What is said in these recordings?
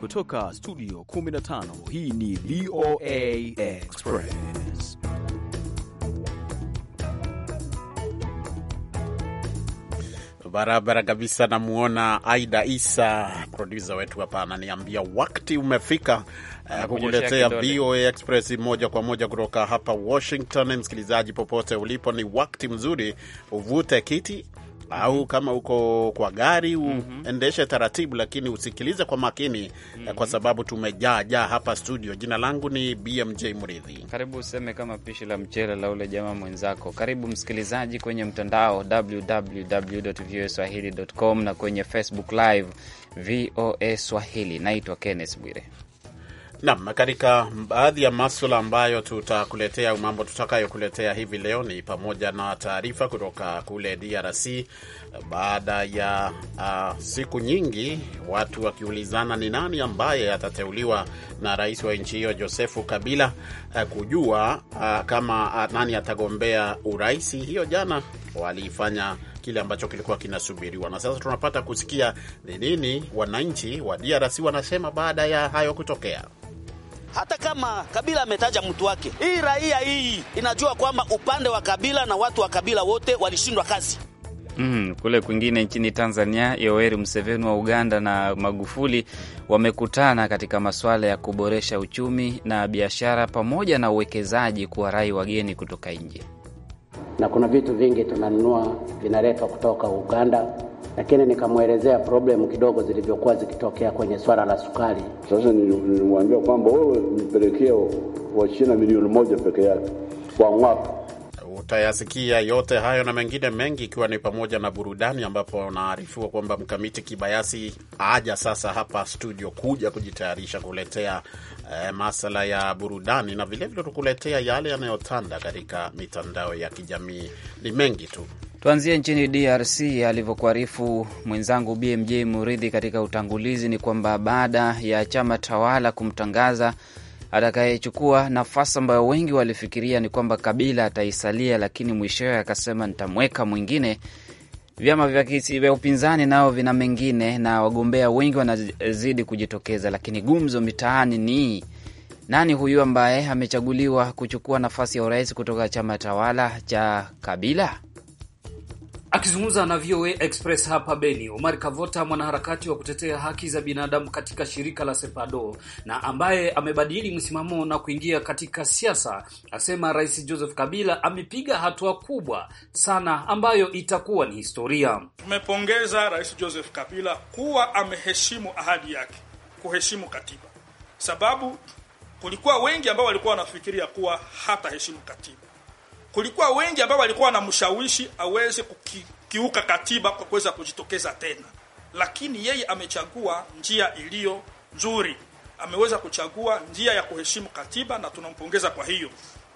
Kutoka studio 15 hii ni VOA Express. Barabara kabisa, namuona Aida Isa, produsa wetu hapa, ananiambia wakati umefika uh, kukuletea VOA Express moja kwa moja kutoka hapa Washington. Msikilizaji popote ulipo, ni wakati mzuri uvute kiti au mm-hmm. kama uko kwa gari uendeshe mm-hmm. taratibu, lakini usikilize kwa makini eh, kwa mm-hmm. sababu tumejaajaa jaa hapa studio. Jina langu ni BMJ Mridhi. Karibu useme kama pishi la mchele la ule jamaa mwenzako. Karibu msikilizaji kwenye mtandao swahilicom na kwenye Facebook Live VOA Swahili. Naitwa Kenneth Bwire nam katika baadhi ya maswala ambayo tutakuletea au mambo tutakayokuletea hivi leo ni pamoja na taarifa kutoka kule DRC baada ya uh, siku nyingi watu wakiulizana ni nani ambaye atateuliwa na rais wa nchi hiyo Josefu Kabila uh, kujua uh, kama uh, nani atagombea urais. Hiyo jana walifanya kile ambacho kilikuwa kinasubiriwa na sasa tunapata kusikia ni nini wananchi wa DRC wanasema baada ya hayo kutokea hata kama Kabila ametaja mtu wake, hii raia hii inajua kwamba upande wa Kabila na watu wa Kabila wote walishindwa kazi. Mm, kule kwingine nchini Tanzania, Yoweri Museveni wa Uganda na Magufuli wamekutana katika masuala ya kuboresha uchumi na biashara pamoja na uwekezaji kuwarai wageni kutoka nje, na kuna vitu vingi tunanunua vinaletwa kutoka Uganda lakini nikamwelezea problemu kidogo zilivyokuwa zikitokea kwenye swala la sukari. Sasa nilimwambia kwamba wewe nipelekea Wachina milioni moja peke yake kwa mwaka. Utayasikia yote hayo na mengine mengi, ikiwa ni pamoja na burudani, ambapo naarifiwa kwamba mkamiti Kibayasi aja sasa hapa studio kuja kujitayarisha kuletea eh, masala ya burudani na vilevile tukuletea yale yanayotanda katika mitandao ya kijamii. Ni mengi tu. Tuanzie nchini DRC. Alivyokuarifu mwenzangu BMJ Muridhi katika utangulizi, ni kwamba baada ya chama tawala kumtangaza atakayechukua nafasi ambayo wengi walifikiria ni kwamba Kabila ataisalia, lakini mwishowe akasema nitamweka mwingine. Vyama vya upinzani nao vina mengine na wagombea wengi wanazidi kujitokeza, lakini gumzo mitaani ni nani huyu ambaye amechaguliwa kuchukua nafasi ya urais kutoka chama tawala cha Kabila? Akizungumza na VOA Express hapa Beni, Omar Kavota, mwanaharakati wa kutetea haki za binadamu katika shirika la SEPADO na ambaye amebadili msimamo na kuingia katika siasa, asema Rais Joseph Kabila amepiga hatua kubwa sana ambayo itakuwa ni historia. Tumepongeza Rais Joseph Kabila kuwa ameheshimu ahadi yake, kuheshimu katiba, sababu kulikuwa wengi ambao walikuwa wanafikiria kuwa hataheshimu katiba kulikuwa wengi ambao walikuwa wanamshawishi aweze kukiuka katiba kwa kuweza kujitokeza tena, lakini yeye amechagua njia iliyo nzuri, ameweza kuchagua njia ya kuheshimu katiba na tunampongeza kwa hiyo.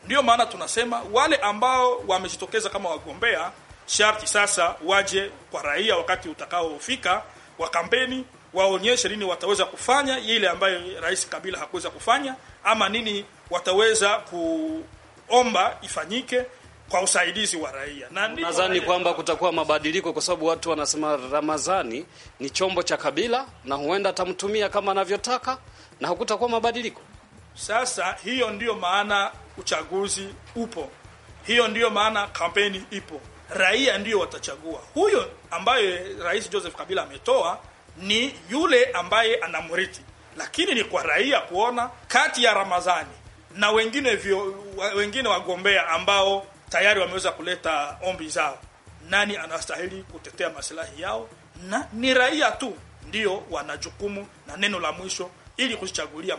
Ndiyo maana tunasema wale ambao wamejitokeza kama wagombea sharti sasa waje kwa raia wakati utakaofika wa kampeni, waonyeshe nini wataweza kufanya ile ambayo Rais Kabila hakuweza kufanya, ama nini wataweza ku tunaomba ifanyike kwa usaidizi wa raia, na nadhani kwamba kutakuwa mabadiliko, kwa sababu watu wanasema Ramadhani ni chombo cha kabila na huenda atamtumia kama anavyotaka na hakutakuwa mabadiliko. Sasa hiyo ndiyo maana uchaguzi upo, hiyo ndiyo maana kampeni ipo, raia ndiyo watachagua. Huyo ambaye Rais Joseph Kabila ametoa ni yule ambaye anamrithi, lakini ni kwa raia kuona kati ya Ramadhani na wengine vio, wengine wagombea ambao tayari wameweza kuleta ombi zao. Nani anastahili kutetea maslahi yao? Na ni raia tu ndio wana jukumu na neno la mwisho ili kuchagulia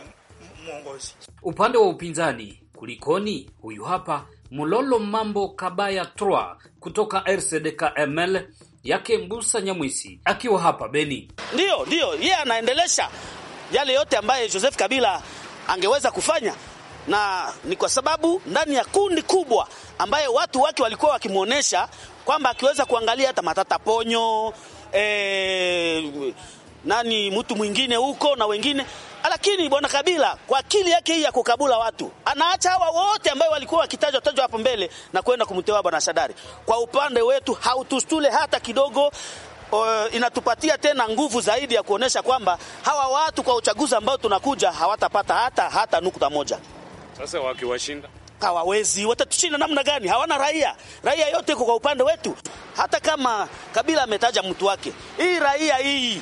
mwongozi. Upande wa upinzani kulikoni? Huyu hapa Mulolo Mambo Kabaya Troa kutoka RCDK ML yake Mbusa Nyamwisi akiwa hapa Beni. ndio ndio yeye, yeah, anaendelesha yale yote ambaye Joseph Kabila angeweza kufanya na ni kwa sababu ndani ya kundi kubwa ambaye watu wake walikuwa wakimwonyesha kwamba akiweza kuangalia hata Matata Ponyo e, nani mtu mwingine huko na wengine, lakini bwana Kabila kwa akili yake hii ya kukabula watu anaacha hawa wote ambao walikuwa wakitajwa tajwa hapo mbele na kwenda kumtewa bwana Shadari. Kwa upande wetu hautustule hata kidogo. Uh, inatupatia tena nguvu zaidi ya kuonesha kwamba hawa watu kwa uchaguzi ambao tunakuja hawatapata hata hata nukta moja. Sasa wakiwashinda hawawezi, watatushinda namna gani? Hawana raia, raia yote iko kwa upande wetu. Hata kama Kabila ametaja mtu wake, hii raia hii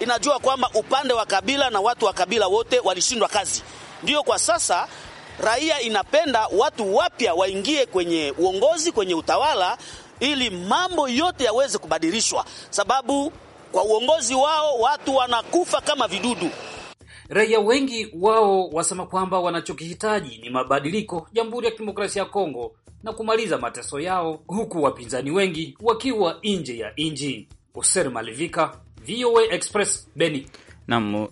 inajua kwamba upande wa Kabila na watu wa Kabila wote walishindwa kazi, ndiyo kwa sasa raia inapenda watu wapya waingie kwenye uongozi, kwenye utawala, ili mambo yote yaweze kubadilishwa, sababu kwa uongozi wao watu wanakufa kama vidudu. Raia wengi wao wasema kwamba wanachokihitaji ni mabadiliko Jamhuri ya Kidemokrasia ya Kongo na kumaliza mateso yao, huku wapinzani wengi wakiwa nje ya nji Oser Malivika, VOA Express, Beni nam uh,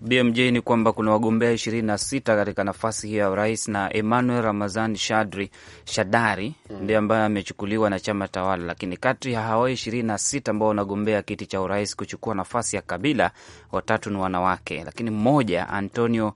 BMJ ni kwamba kuna wagombea ishirini na sita katika nafasi hiyo ya urais na Emmanuel Ramazan Shadri, Shadari mm, ndiye ambaye amechukuliwa na chama tawala, lakini kati ya hawai ishirini na sita ambao wanagombea kiti cha urais kuchukua nafasi ya Kabila, watatu ni wanawake, lakini mmoja Antonio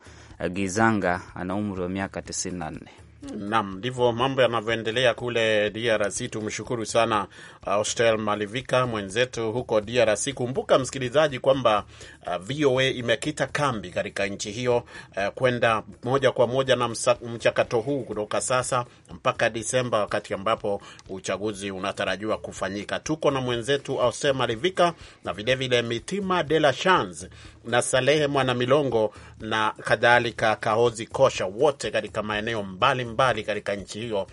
Gizanga ana umri wa miaka tisini na nne. Naam, ndivyo mambo yanavyoendelea kule DRC. Tumshukuru sana uh, Austel Malivika mwenzetu huko DRC. Kumbuka msikilizaji kwamba uh, VOA imekita kambi katika nchi hiyo uh, kwenda moja kwa moja na mchakato huu kutoka sasa mpaka Disemba, wakati ambapo uchaguzi unatarajiwa kufanyika. Tuko na mwenzetu Austel Malivika na vilevile Mitima de la Chance na Salehe mwana milongo na kadhalika Kahozi Kosha, wote katika maeneo mbalimbali katika nchi hiyo.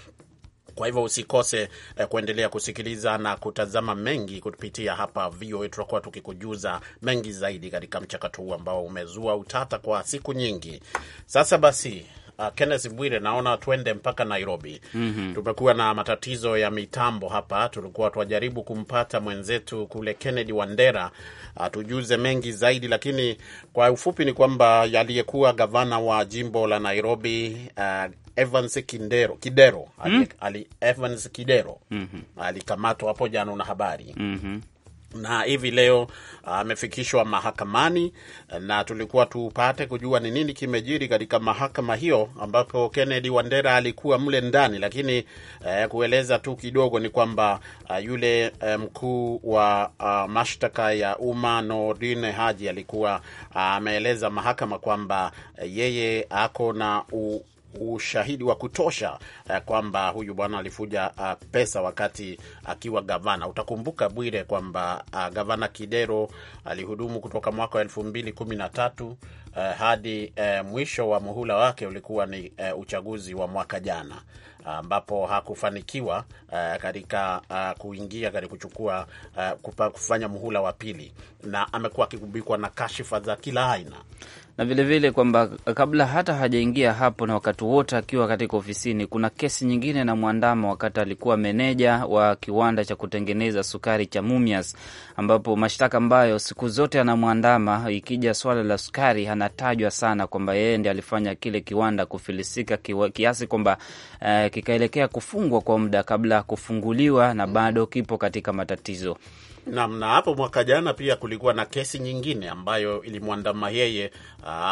Kwa hivyo usikose eh, kuendelea kusikiliza na kutazama mengi kupitia hapa VOA. Tutakuwa tukikujuza mengi zaidi katika mchakato huu ambao umezua utata kwa siku nyingi sasa. Basi uh, Kenneth Bwire, naona twende mpaka Nairobi. mm -hmm. Tumekuwa na matatizo ya mitambo hapa, tulikuwa twajaribu kumpata mwenzetu kule Kennedy Wandera atujuze uh, mengi zaidi, lakini kwa ufupi ni kwamba yaliyekuwa gavana wa jimbo la Nairobi uh, Evans Kidero, Kidero, mm ali, ali, Evans Kidero mm -hmm. alikamatwa hapo jana na habari mm -hmm na hivi leo ah, amefikishwa mahakamani na tulikuwa tupate kujua ni nini kimejiri katika mahakama hiyo, ambapo Kennedy Wandera alikuwa mle ndani. Lakini uh, kueleza tu kidogo ni kwamba uh, yule eh, mkuu wa uh, mashtaka ya umma Nordin Haji alikuwa ameeleza uh, mahakama kwamba uh, yeye ako na u ushahidi wa kutosha uh, kwamba huyu bwana alifuja uh, pesa wakati akiwa uh, gavana. Utakumbuka Bwire kwamba uh, gavana Kidero alihudumu kutoka mwaka wa elfu mbili kumi na tatu uh, hadi uh, mwisho wa muhula wake ulikuwa ni uh, uchaguzi wa mwaka jana ambapo hakufanikiwa uh, katika uh, kuingia katika kuchukua uh, kufanya muhula wa pili, na amekuwa akigubikwa na kashifa za kila aina na vilevile kwamba kabla hata hajaingia hapo na wakati wote akiwa katika ofisini, kuna kesi nyingine na mwandama wakati alikuwa meneja wa kiwanda cha kutengeneza sukari cha Mumias, ambapo mashtaka ambayo siku zote anamwandama, ikija swala la sukari anatajwa sana kwamba yeye ndiye alifanya kile kiwanda kufilisika kiasi kwamba uh, kikaelekea kufungwa kwa muda kabla ya kufunguliwa na bado kipo katika matatizo. Naam, na hapo mwaka jana pia kulikuwa na kesi nyingine ambayo ilimwandama yeye.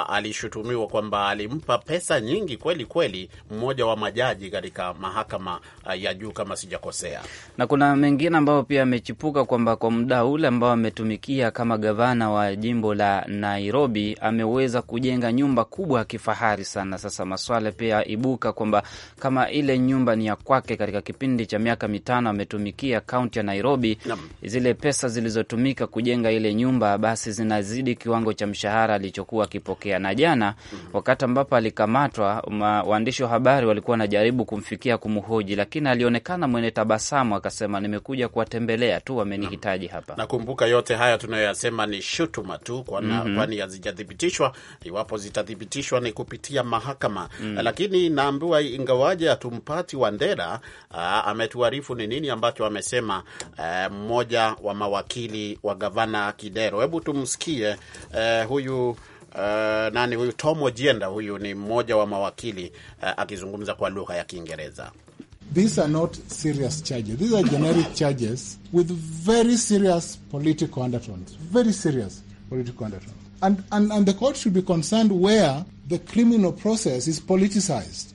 Alishutumiwa kwamba alimpa pesa nyingi kweli kweli mmoja wa majaji katika mahakama ya juu kama sijakosea, na kuna mengine ambayo pia amechipuka kwamba kwa muda ule ambao ametumikia kama gavana wa jimbo la Nairobi ameweza kujenga nyumba kubwa ya kifahari sana. Sasa maswala pia ibuka kwamba kama ile nyumba ni ya kwake katika kipindi cha miaka mitano ametumikia kaunti ya Nairobi, zile pesa zilizotumika kujenga ile nyumba basi zinazidi kiwango cha mshahara alichokuwa akipokea. Na jana wakati ambapo alikamatwa, waandishi wa habari walikuwa wanajaribu kumfikia kumhoji, lakini alionekana mwenye tabasamu, akasema nimekuja kuwatembelea tu, wamenihitaji hapa. Nakumbuka yote haya tunayoyasema ni shutuma tu, mhm. kwani mm -hmm. hazijathibitishwa. Iwapo zitathibitishwa ni kupitia mahakama mm -hmm. Lakini naambiwa ingawaje hatumpati Wandera, ametuarifu ni nini ambacho amesema mmoja wa mawakili wa gavana Kidero. Hebu tumsikie eh, huyu Uh, nani huyu Tom Ojienda, huyu ni mmoja wa mawakili uh, akizungumza kwa lugha ya Kiingereza. These are not serious charges. These are generic charges with very serious political undertones. Very serious political undertones. And, and, and the court should be concerned where the criminal process is politicized.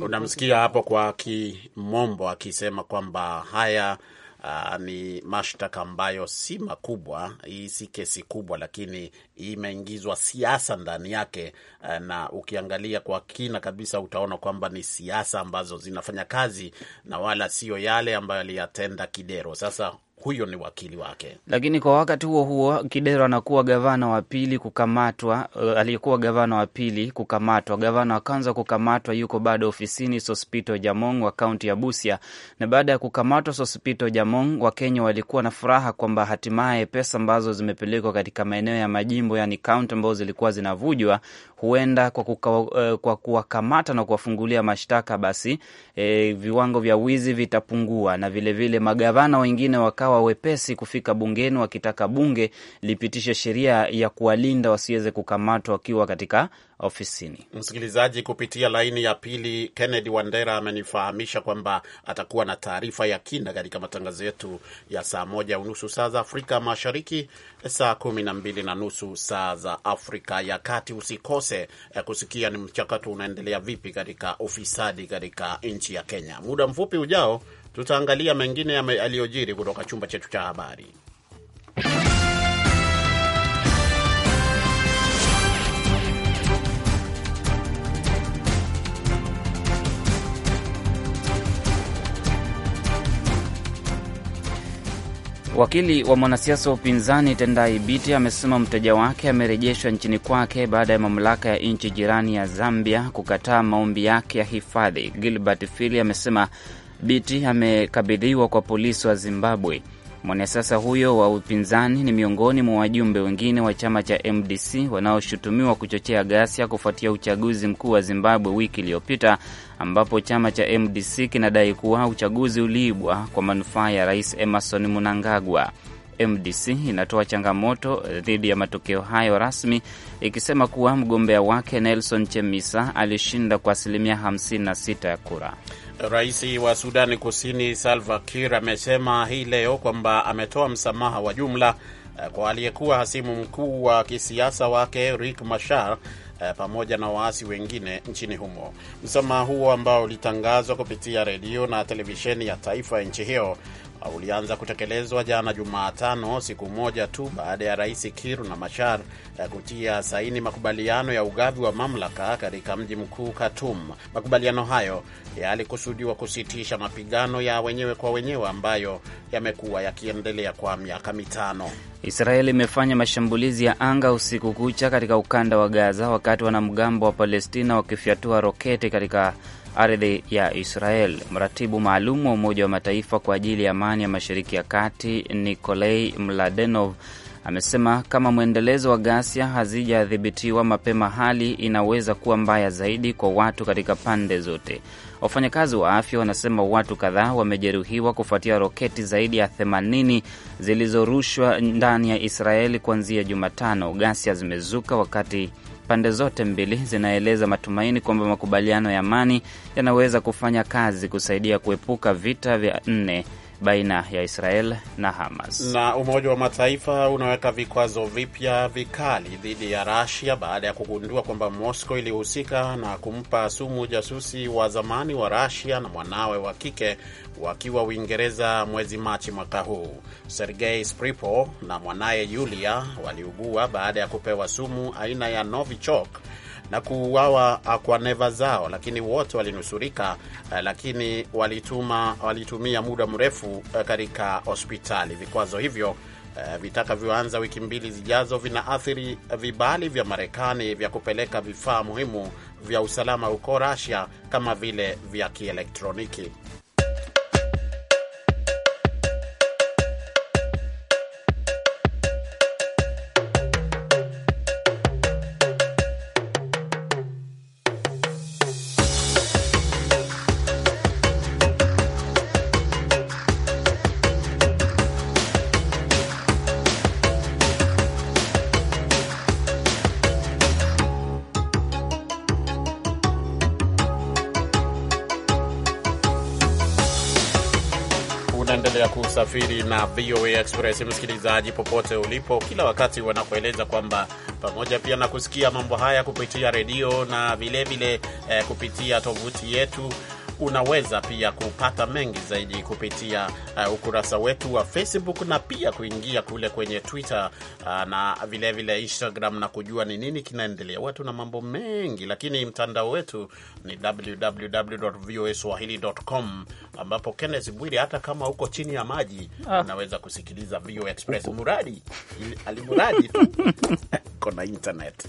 Unamsikia hapo kwa kimombo akisema kwamba haya Uh, ni mashtaka ambayo si makubwa, hii si kesi kubwa, lakini imeingizwa siasa ndani yake. Uh, na ukiangalia kwa kina kabisa utaona kwamba ni siasa ambazo zinafanya kazi na wala siyo yale ambayo aliyatenda Kidero. Sasa huyo ni wakili wake. Lakini kwa wakati huo huo, Kidero anakuwa gavana wa pili kukamatwa, uh, aliyekuwa gavana wa pili kukamatwa. Gavana wa kwanza kukamatwa yuko bado ofisini, Sospito Jamong wa kaunti ya Busia. Na baada ya kukamatwa Sospito Jamong, Wakenya walikuwa na furaha kwamba hatimaye pesa ambazo zimepelekwa katika maeneo ya majimbo, yani kaunti ambazo zilikuwa zinavujwa, huenda kwa, kuka, uh, kwa kuwakamata na kuwafungulia mashtaka, basi eh, viwango vya wizi vitapungua na vilevile vile magavana wengine wa wakawa wepesi kufika bungeni wakitaka bunge lipitishe sheria ya kuwalinda wasiweze kukamatwa wakiwa katika ofisini. Msikilizaji, kupitia laini ya pili, Kennedy Wandera amenifahamisha kwamba atakuwa na taarifa ya kina katika matangazo yetu ya saa moja unusu saa za Afrika Mashariki, saa kumi na mbili na nusu saa za Afrika ya Kati. Usikose eh, kusikia ni mchakato unaendelea vipi katika ufisadi katika nchi ya Kenya. Muda mfupi ujao Tutaangalia mengine yaliyojiri kutoka chumba chetu cha habari. Wakili wa mwanasiasa wa upinzani Tendai Biti amesema mteja wake amerejeshwa nchini kwake baada ya mamlaka ya nchi jirani ya Zambia kukataa maombi yake ya hifadhi. Gilbert Fili amesema Biti amekabidhiwa kwa polisi wa Zimbabwe. Mwanasiasa huyo wa upinzani ni miongoni mwa wajumbe wengine wa chama cha MDC wanaoshutumiwa kuchochea ghasia kufuatia uchaguzi mkuu wa Zimbabwe wiki iliyopita, ambapo chama cha MDC kinadai kuwa uchaguzi uliibwa kwa manufaa ya Rais Emerson Mnangagwa. MDC inatoa changamoto dhidi ya matokeo hayo rasmi, ikisema kuwa mgombea wake Nelson Chamisa alishinda kwa asilimia 56 ya kura. Rais wa Sudani Kusini Salva Kiir amesema hii leo kwamba ametoa msamaha wa jumla eh, kwa aliyekuwa hasimu mkuu wa kisiasa wake Riek Machar eh, pamoja na waasi wengine nchini humo. Msamaha huo ambao ulitangazwa kupitia redio na televisheni ya taifa ya nchi hiyo ulianza kutekelezwa jana Jumatano, siku moja tu baada ya rais Kiru na Machar eh, kutia saini makubaliano ya ugavi wa mamlaka katika mji mkuu Khartoum. Makubaliano hayo yalikusudiwa kusitisha mapigano ya wenyewe kwa wenyewe ambayo yamekuwa yakiendelea kwa miaka mitano. Israeli imefanya mashambulizi ya anga usiku kucha katika ukanda wa Gaza, wakati wanamgambo wa Palestina wakifyatua roketi katika ardhi ya Israel. Mratibu maalum wa Umoja wa Mataifa kwa ajili ya amani ya Mashariki ya Kati Nikolai Mladenov amesema kama mwendelezo wa ghasia hazijadhibitiwa mapema, hali inaweza kuwa mbaya zaidi kwa watu katika pande zote. Wafanyakazi wa afya wanasema watu kadhaa wamejeruhiwa kufuatia roketi zaidi ya 80 zilizorushwa ndani ya Israeli kuanzia Jumatano. Ghasia zimezuka wakati pande zote mbili zinaeleza matumaini kwamba makubaliano ya amani yanaweza kufanya kazi kusaidia kuepuka vita vya nne baina ya Israel na Hamas. Na Umoja wa Mataifa unaweka vikwazo vipya vikali dhidi ya Rasia baada ya kugundua kwamba Moscow ilihusika na kumpa sumu jasusi wa zamani wa Rasia na mwanawe wa kike wakiwa Uingereza mwezi Machi mwaka huu. Sergei spripo na mwanaye Yulia waliugua baada ya kupewa sumu aina ya Novichok na kuuawa ah, kwa neva zao, lakini wote walinusurika, ah, lakini walituma, walitumia muda mrefu ah, katika hospitali. Vikwazo hivyo vitakavyoanza wiki mbili zijazo vinaathiri vibali vya Marekani vya kupeleka vifaa muhimu vya usalama huko Russia kama vile vya kielektroniki. unasafiri na VOA Express, msikilizaji popote ulipo, kila wakati wanakueleza kwamba pamoja pia na kusikia mambo haya kupitia redio na vilevile eh, kupitia tovuti yetu unaweza pia kupata mengi zaidi kupitia uh, ukurasa wetu wa Facebook na pia kuingia kule kwenye Twitter uh, na vilevile vile Instagram na kujua ni nini kinaendelea. Watu na mambo mengi, lakini mtandao wetu ni www.voaswahili.com ambapo Kenneth bwiri hata kama uko chini ya maji ah, unaweza kusikiliza VOA Express muradi alimuradi tu kona internet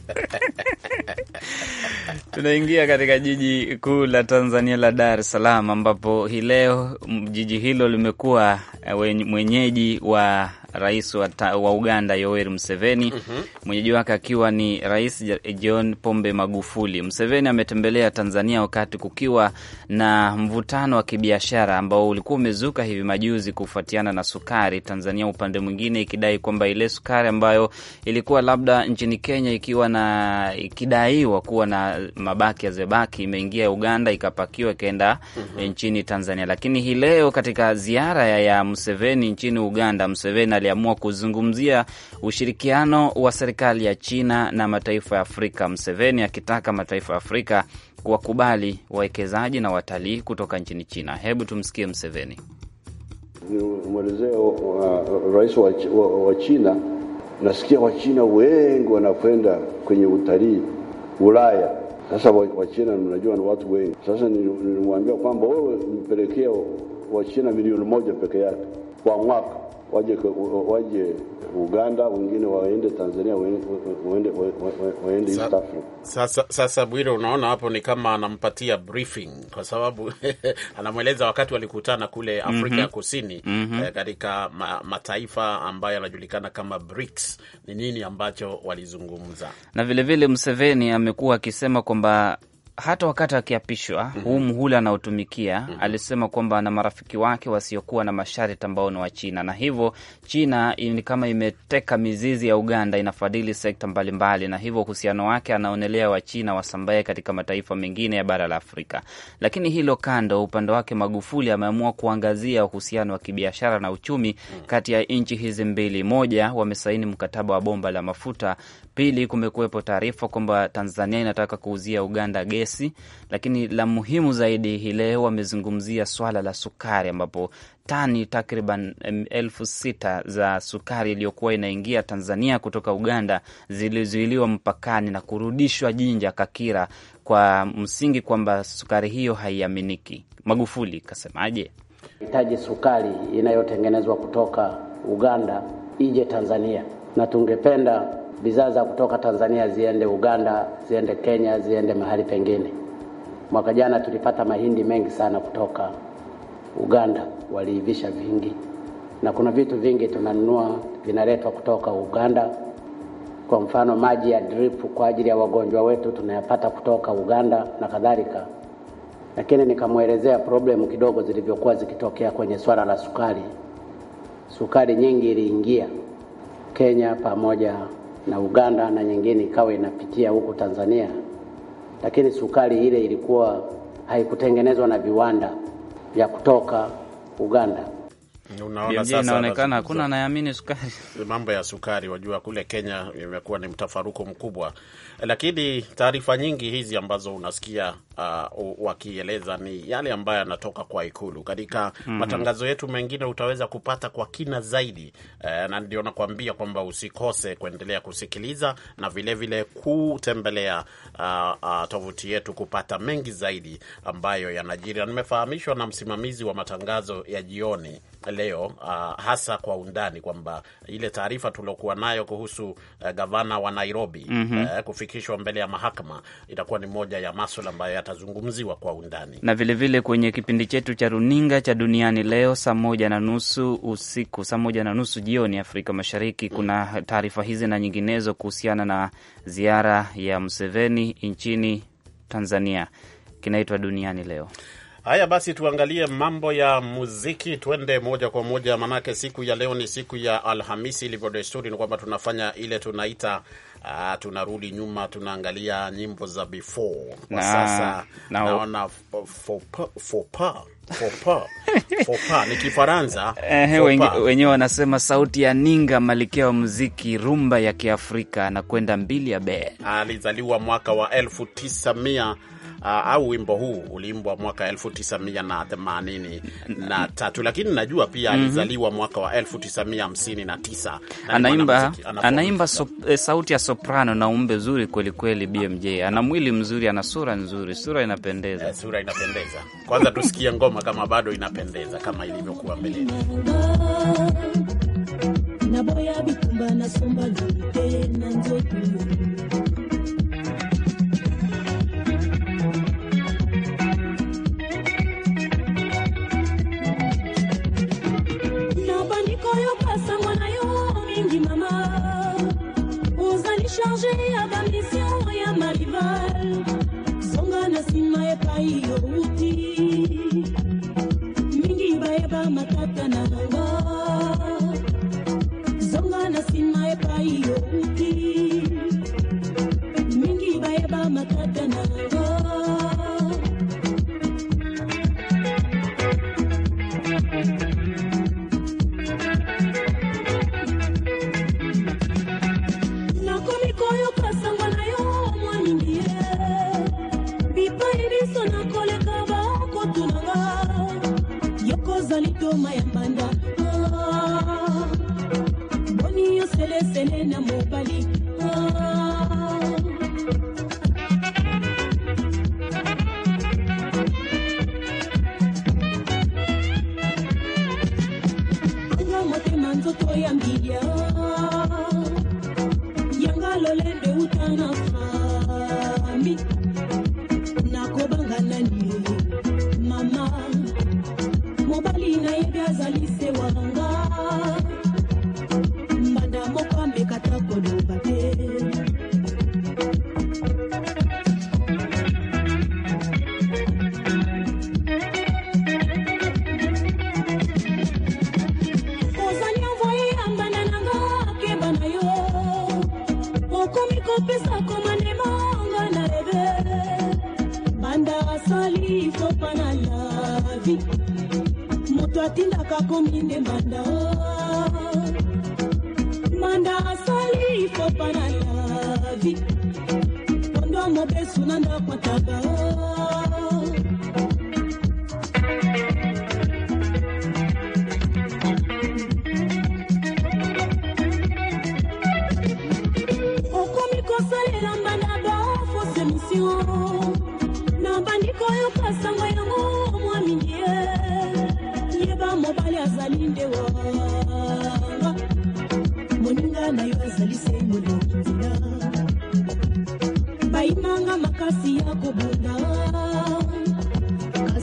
tunaingia katika jiji kuu la Tanzania la Dar Dar es Salaam, ambapo hii leo jiji hilo limekuwa eh, mwenyeji wa rais wa, ta, wa Uganda Yoweri Museveni mm -hmm. mwenyeji wake akiwa ni Rais John Pombe Magufuli. Museveni ametembelea Tanzania wakati kukiwa na mvutano wa kibiashara ambao ulikuwa umezuka hivi majuzi kufuatiana na sukari, Tanzania upande mwingine ikidai kwamba ile sukari ambayo ilikuwa labda nchini Kenya ikiwa na ikidaiwa kuwa na mabaki ya zebaki imeingia Uganda ikapakiwa ikaenda mm -hmm. nchini Tanzania, lakini hii leo katika ziara ya, ya Museveni nchini Uganda, Museveni aliamua kuzungumzia ushirikiano wa serikali ya China na mataifa ya Afrika, Mseveni akitaka mataifa ya Afrika kuwakubali wawekezaji na watalii kutoka nchini China. Hebu tumsikie Mseveni. Mwelezeo uh, rais wa, wa, wa China, nasikia Wachina wengi wanakwenda kwenye utalii Ulaya. Sasa Wachina wa mnajua ni watu wengi. Sasa nilimwambia kwamba wewe mpelekea Wachina milioni moja peke yake kwa mwaka waje, waje Uganda, wengine waende Tanzania, waende waende East Africa. Sasa sasa, Bwire, unaona hapo ni kama anampatia briefing kwa sababu anamweleza wakati walikutana kule Afrika ya mm -hmm. Kusini mm -hmm. eh, katika ma, mataifa ambayo yanajulikana kama BRICS, ni nini ambacho walizungumza, na vilevile vile Museveni amekuwa akisema kwamba hata wakati akiapishwa mm -hmm. huu mhula anaotumikia mm -hmm. alisema kwamba na marafiki wake wasiokuwa na masharti ambao ni wa China, na hivyo China ni kama imeteka mizizi ya Uganda, inafadhili sekta mbalimbali, na hivyo uhusiano wake anaonelea Wachina wasambae katika mataifa mengine ya bara la Afrika. Lakini hilo kando, upande wake Magufuli ameamua kuangazia uhusiano wa kibiashara na uchumi mhm. kati ya nchi hizi mbili. Moja, wamesaini mkataba wa bomba la mafuta Pili, kumekuwepo taarifa kwamba Tanzania inataka kuuzia Uganda gesi, lakini la muhimu zaidi hii leo wamezungumzia swala la sukari, ambapo tani takriban elfu sita za sukari iliyokuwa inaingia Tanzania kutoka Uganda zilizuiliwa mpakani na kurudishwa Jinja Kakira kwa msingi kwamba sukari hiyo haiaminiki. Magufuli kasemaje? hitaji sukari inayotengenezwa kutoka Uganda ije Tanzania na tungependa bidhaa za kutoka Tanzania ziende Uganda, ziende Kenya, ziende mahali pengine. Mwaka jana tulipata mahindi mengi sana kutoka Uganda, waliivisha vingi, na kuna vitu vingi tunanunua vinaletwa kutoka Uganda. Kwa mfano maji ya drip kwa ajili ya wagonjwa wetu tunayapata kutoka Uganda na kadhalika. Lakini nikamwelezea problemu kidogo zilivyokuwa zikitokea kwenye swala la sukari. Sukari nyingi iliingia Kenya pamoja na Uganda na nyingine ikawa inapitia huko Tanzania, lakini sukari ile ilikuwa haikutengenezwa na viwanda vya kutoka Uganda. Unaona sasa inaonekana hakuna anayeamini sukari. Mambo ya sukari, wajua kule Kenya imekuwa ni mtafaruku mkubwa, lakini taarifa nyingi hizi ambazo unasikia uh, wakieleza ni yale ambayo yanatoka kwa Ikulu. Katika mm -hmm. matangazo yetu mengine utaweza kupata kwa kina zaidi uh, na ndio nakuambia kwamba usikose kuendelea kusikiliza na vilevile vile kutembelea uh, uh, tovuti yetu kupata mengi zaidi ambayo yanajiri. Nimefahamishwa na msimamizi wa matangazo ya jioni leo uh, hasa kwa undani kwamba ile taarifa tuliokuwa nayo kuhusu uh, gavana wa Nairobi mm -hmm. uh, kufikishwa mbele ya mahakama itakuwa ni moja ya maswala ambayo yata atazungumziwa kwa undani, na vilevile vile kwenye kipindi chetu cha runinga cha duniani leo saa moja na nusu usiku, saa moja na nusu jioni Afrika Mashariki. Kuna taarifa hizi na nyinginezo kuhusiana na ziara ya Museveni nchini Tanzania. Kinaitwa duniani leo. Haya basi, tuangalie mambo ya muziki, twende moja kwa moja, manake siku ya leo ni siku ya Alhamisi. Ilivyo desturi, ni kwamba tunafanya ile tunaita Ah, tunarudi nyuma, tunaangalia nyimbo za before kwa na, sasa na, naona fopa fopa fopa ni Kifaransa eh, wenyewe wanasema sauti ya ninga, malikia wa muziki rumba ya Kiafrika, anakwenda mbili ya bee. Alizaliwa mwaka wa elfu tisa mia uh, au wimbo huu uliimbwa mwaka 1983 lakini najua pia mm -hmm. alizaliwa mwaka wa 1959 anaimba, anaimba so, eh, sauti ya soprano na umbe zuri kweli kweli. BMJ ana mwili mzuri, ana sura nzuri, sura inapendeza, e, sura inapendeza. Kwanza tusikie ngoma kama bado inapendeza kama ilivyokuwa mbeleni. chargé ata misio ya marival songa na nsima epai youti mingi bayeba matata na bango zonga na nsima epai yo balise wanga mbanda moko amekata koloba te ozali envoye ya mbanda nanga akeba na yo okomi na lebe banda asali fopa na katindaka komine manda manda asali ifopa lavi yavi pondo mobesu na ndako okomi kosalela mbanda bafosemission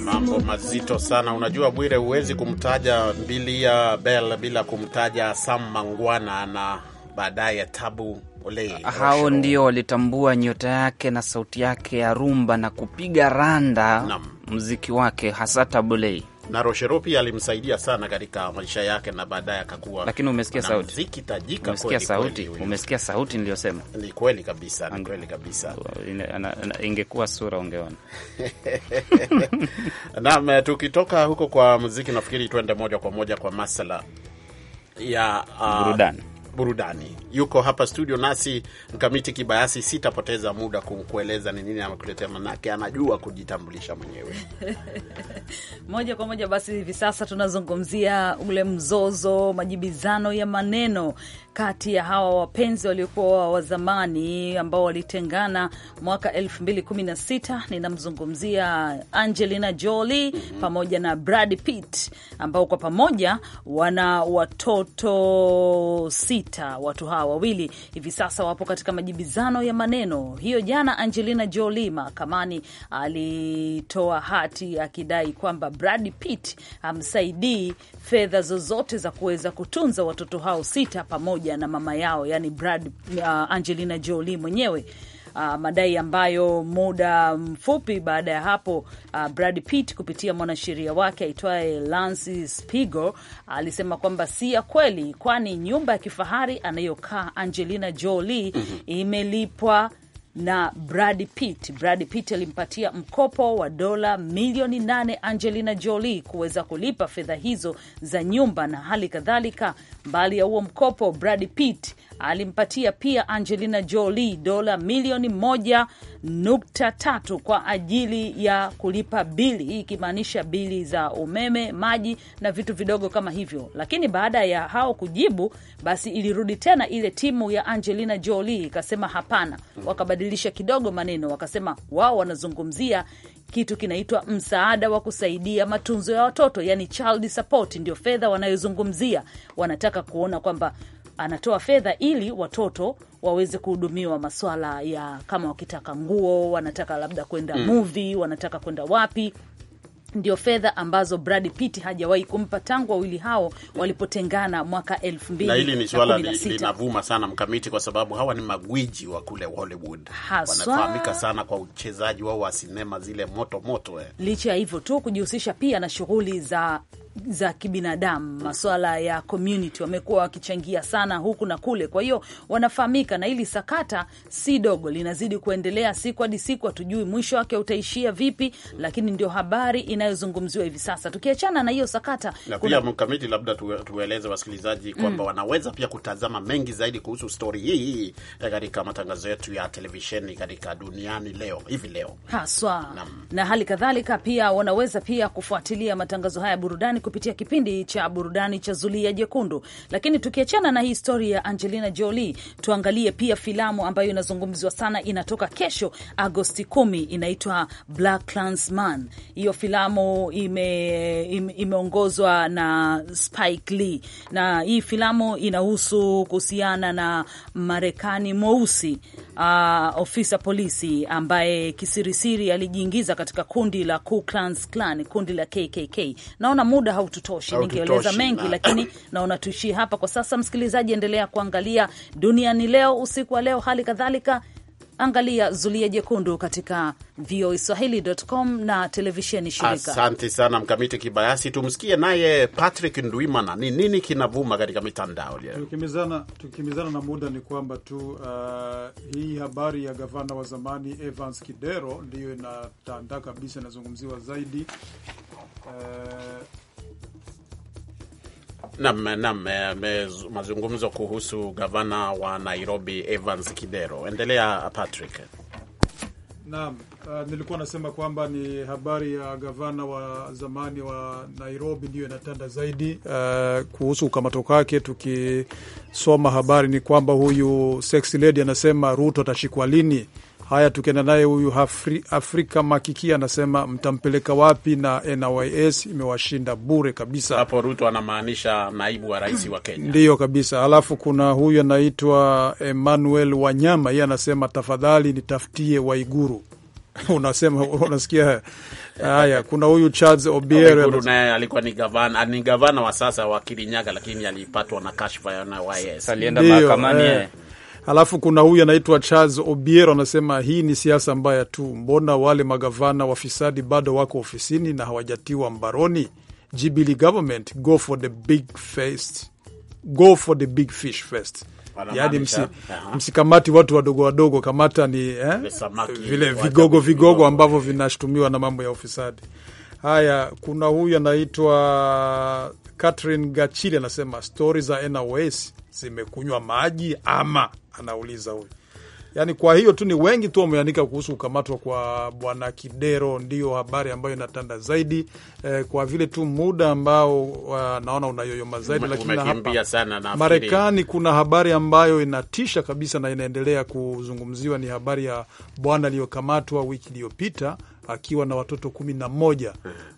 Mambo mazito sana. Unajua Bwire, huwezi kumtaja ya Bel bila kumtaja Sam Mangwana na baadaye Tabu Ole. Hao ndio walitambua nyota yake na sauti yake ya rumba na kupiga randa Nam. mziki wake hasa Tabulei na Rosheropi pia alimsaidia sana katika maisha yake, na baadaye akakuwa. Lakini umesikia sauti, muziki tajika, umesikia sauti, umesikia sauti niliyosema. Ni kweli kabisa, ni kweli kabisa. Ingekuwa sura ungeona. Naam, eh, tukitoka huko kwa muziki, nafikiri tuende moja kwa moja kwa masala ya uh, burudani burudani. Yuko hapa studio nasi Mkamiti Kibayasi. Sitapoteza muda kueleza ni nini amekuletea, manake anajua kujitambulisha mwenyewe moja kwa moja. Basi hivi sasa tunazungumzia ule mzozo, majibizano ya maneno kati ya hawa wapenzi waliokuwa wa zamani ambao walitengana mwaka 2016. Ninamzungumzia Angelina Jolie mm -hmm. pamoja na Brad Pitt ambao kwa pamoja wana watoto sita. Watu hawa wawili hivi sasa wapo katika majibizano ya maneno. Hiyo jana Angelina Jolie mahakamani alitoa hati akidai kwamba Brad Pitt amsaidii fedha zozote za kuweza kutunza watoto hao sita pamoja pamoja na mama yao, yani Brad, uh, Angelina Jolie mwenyewe Uh, madai ambayo muda mfupi baada ya hapo uh, Brad Pitt kupitia mwanasheria wake aitwaye Lance Spiegel alisema uh, kwamba si ya kweli, kwani nyumba ya kifahari anayokaa Angelina Jolie mm -hmm. imelipwa na Brad Pitt. Brad Pitt alimpatia mkopo wa dola milioni nane Angelina Jolie kuweza kulipa fedha hizo za nyumba na hali kadhalika. Mbali ya huo mkopo, Brad Pitt alimpatia pia Angelina Jolie dola milioni moja nukta tatu kwa ajili ya kulipa bili, hii ikimaanisha bili za umeme, maji na vitu vidogo kama hivyo. Lakini baada ya hao kujibu, basi ilirudi tena ile timu ya Angelina Jolie ikasema hapana, wakabadilisha kidogo maneno, wakasema wao wanazungumzia kitu kinaitwa msaada wa kusaidia matunzo ya watoto, yani child support, ndio fedha wanayozungumzia. Wanataka kuona kwamba anatoa fedha ili watoto waweze kuhudumiwa maswala ya kama wakitaka nguo, wanataka labda kwenda mm. movie, wanataka kwenda wapi ndio fedha ambazo Brad Pitt hajawahi kumpa tangu wawili hao walipotengana mwaka elfu mbili. Na hili ni suala linavuma sana mkamiti, kwa sababu hawa ni magwiji wa kule Hollywood, wanafahamika sana kwa uchezaji wao wa sinema zile moto moto eh. Licha ya hivyo tu kujihusisha pia na shughuli za za kibinadamu, maswala ya community wamekuwa wakichangia sana huku na kule, kwa hiyo wanafahamika, na hili sakata si dogo, linazidi kuendelea siku hadi siku, hatujui mwisho wake utaishia vipi, lakini ndio habari inayozungumziwa hivi sasa. Tukiachana na hiyo sakata na pia mkamiti labda tueleze wasikilizaji mm. kwamba mm, wanaweza pia kutazama mengi zaidi kuhusu stori hii katika matangazo yetu ya televisheni katika duniani leo hivi leo haswa na, na hali kadhalika pia wanaweza pia kufuatilia matangazo haya burudani kupitia kipindi cha burudani cha Zulia Jekundu. Lakini tukiachana na hii historia ya Angelina Jolie, tuangalie pia filamu ambayo inazungumzwa sana, inatoka kesho Agosti kumi, inaitwa Black Hiyo filamu ime, ime, imeongozwa na Spike Lee na hii filamu inahusu kuhusiana na Marekani mweusi uh, ofisa polisi ambaye kisirisiri alijiingiza katika kundi la Ku Klux Klan, kundi la KKK. Naona muda haututoshi. Ningeeleza mengi na, lakini naona tuishie hapa kwa sasa. Msikilizaji, endelea kuangalia Duniani Leo usiku wa leo, hali kadhalika angalia Zulia Jekundu katika voaswahili.com e na televisheni shirika. Asante sana Mkamiti Kibayasi. Tumsikie naye Patrick Ndwimana, ni nini kinavuma katika mitandao leo? na muda, ni kwamba tu uh, hii habari ya gavana wa zamani Evans Kidero ndiyo inatandaa kabisa, inazungumziwa zaidi uh, Nam, nam, eh, mazungumzo kuhusu gavana wa Nairobi Evans Kidero. Endelea Patrick. nam uh, nilikuwa nasema kwamba ni habari ya gavana wa zamani wa Nairobi ndiyo inatanda zaidi. Uh, kuhusu ukamato kwake, tukisoma habari ni kwamba huyu sexy lady anasema Ruto atashikwa lini? Haya, tukienda naye huyu Afri, Afrika Makiki anasema mtampeleka wapi? Na NYS imewashinda bure kabisa. Hapo Ruto anamaanisha naibu wa rais wa Kenya, ndiyo kabisa. Alafu kuna huyu anaitwa Emmanuel Wanyama, yeye anasema tafadhali nitafutie Waiguru. Unasema, unasikia haya. Kuna huyu Charles Obiero naye alikuwa ni gavana, ni gavana wa sasa wa Kirinyaga, lakini alipatwa na kashfa ya NYS, alienda mahakamani. Eh. Eh. Alafu kuna huyu anaitwa Charles Obiero anasema hii ni siasa mbaya tu, mbona wale magavana wafisadi bado wako ofisini na hawajatiwa mbaroni? Jubilee government go for the big first, go for the big fish first. Yaani msi, msikamati watu wadogo wadogo, kamata ni eh, vile vigogo vigogo ambavyo vinashutumiwa na mambo ya ufisadi. Haya, kuna huyu anaitwa Catherine Gachili anasema stori za NWS zimekunywa maji ama anauliza huyu. Yani kwa hiyo tu ni wengi tu wameandika kuhusu kukamatwa kwa bwana Kidero, ndiyo habari ambayo inatanda zaidi eh, kwa vile tu muda ambao uh, naona unayoyoma zaidi, lakini hapa Marekani kuna habari ambayo inatisha kabisa na inaendelea kuzungumziwa, ni habari ya bwana aliyokamatwa wiki iliyopita akiwa na watoto kumi na moja.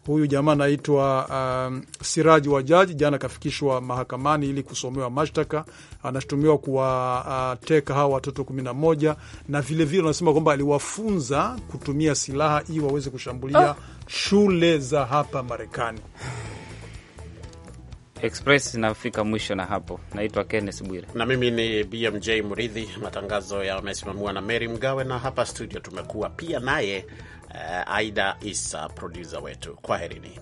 Huyu jamaa anaitwa um, Siraji wa jaji jana akafikishwa mahakamani ili kusomewa mashtaka. Anashutumiwa kuwateka uh, hawa watoto kumi na moja na vilevile anasema kwamba aliwafunza kutumia silaha ili waweze kushambulia oh, shule za hapa Marekani. Express inafika mwisho na hapo. Naitwa Kenneth Bwire na mimi ni BMJ mridhi Matangazo yamesimamiwa na Mary Mgawe na hapa studio tumekuwa pia naye Eh, Aida Isa, produsa wetu. Kwaherini.